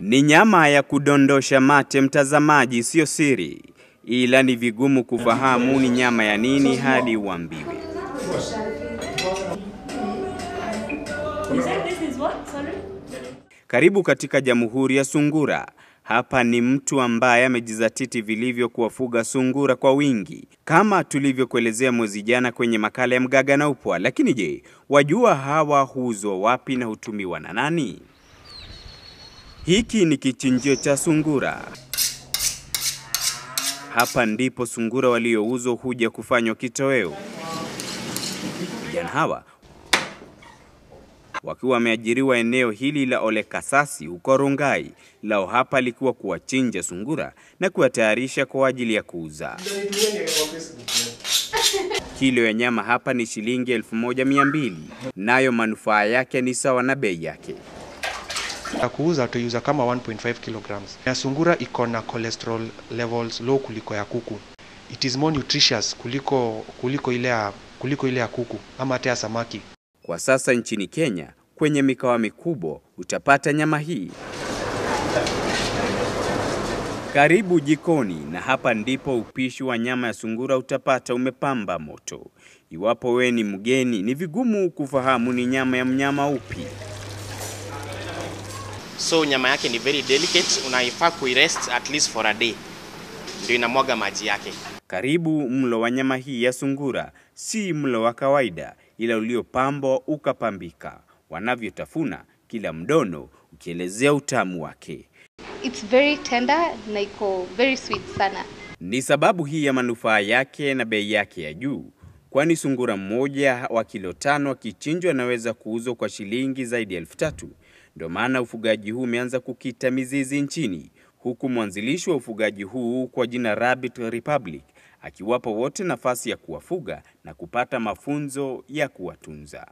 Ni nyama ya kudondosha mate, mtazamaji, sio siri, ila ni vigumu kufahamu ni nyama ya nini hadi uambiwe. Karibu katika Jamhuri ya Sungura hapa ni mtu ambaye amejizatiti vilivyo kuwafuga sungura kwa wingi kama tulivyokuelezea mwezi jana kwenye makala ya Mgaga na Upwa. Lakini je, wajua hawa huuzwa wapi na hutumiwa na nani? Hiki ni kichinjio cha sungura. Hapa ndipo sungura waliouzwa huja kufanywa kitoweo. Vijana hawa wakiwa wameajiriwa eneo hili la Olekasasi huko Rongai, lao hapa likiwa kuwachinja sungura na kuwatayarisha kwa ajili ya kuuza. Kilo ya nyama hapa ni shilingi elfu moja mia mbili, nayo manufaa yake ni sawa na bei yake ya kuuza tuuza kama 1.5 kilograms. Na sungura iko na cholesterol levels low kuliko ya kuku. It is more nutritious kuliko kuliko ile ya kuliko ile ya kuku ama hata ya samaki. Kwa sasa nchini Kenya kwenye mikawa mikubwa utapata nyama hii. Karibu jikoni na hapa ndipo upishi wa nyama ya sungura utapata umepamba moto. Iwapo we ni mgeni, ni vigumu kufahamu ni nyama ya mnyama upi. So nyama yake ni very delicate, unaifaa kuirest at least for a day, ndio inamwaga maji yake. Karibu mlo wa nyama hii ya sungura si mlo wa kawaida ila uliopambwa ukapambika, wanavyotafuna kila mdono ukielezea utamu wake. It's very tender na iko very sweet sana. Ni sababu hii ya manufaa yake na bei yake ya juu, kwani sungura mmoja wa kilo tano akichinjwa anaweza kuuzwa kwa shilingi zaidi ya elfu tatu. Ndio maana ufugaji huu umeanza kukita mizizi nchini, huku mwanzilishi wa ufugaji huu kwa jina Rabbit Republic akiwapa wote nafasi ya kuwafuga na kupata mafunzo ya kuwatunza.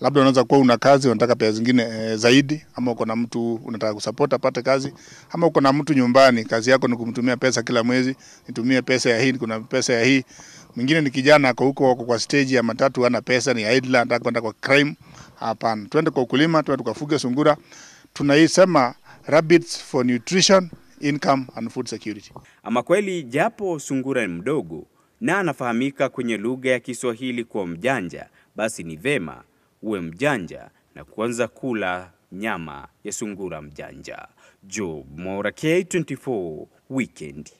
Labda unaweza kuwa una kazi unataka pesa zingine e, zaidi, ama uko na mtu unataka kusupport apate kazi, ama uko na mtu nyumbani, kazi yako ni kumtumia pesa kila mwezi, nitumie pesa ya hii, kuna pesa ya hii. Mwingine ni kijana ako huko, ako kwa stage ya matatu, ana pesa, ni idle, anataka kwenda kwa crime. Hapana, twende kwa ukulima, twende tukafuge sungura. Tunaisema rabbits for nutrition income and food security. Ama kweli, japo sungura ni mdogo na anafahamika kwenye lugha ya Kiswahili kwa mjanja, basi ni vema uwe mjanja na kuanza kula nyama ya sungura mjanja. Job Mora, K24 Weekend.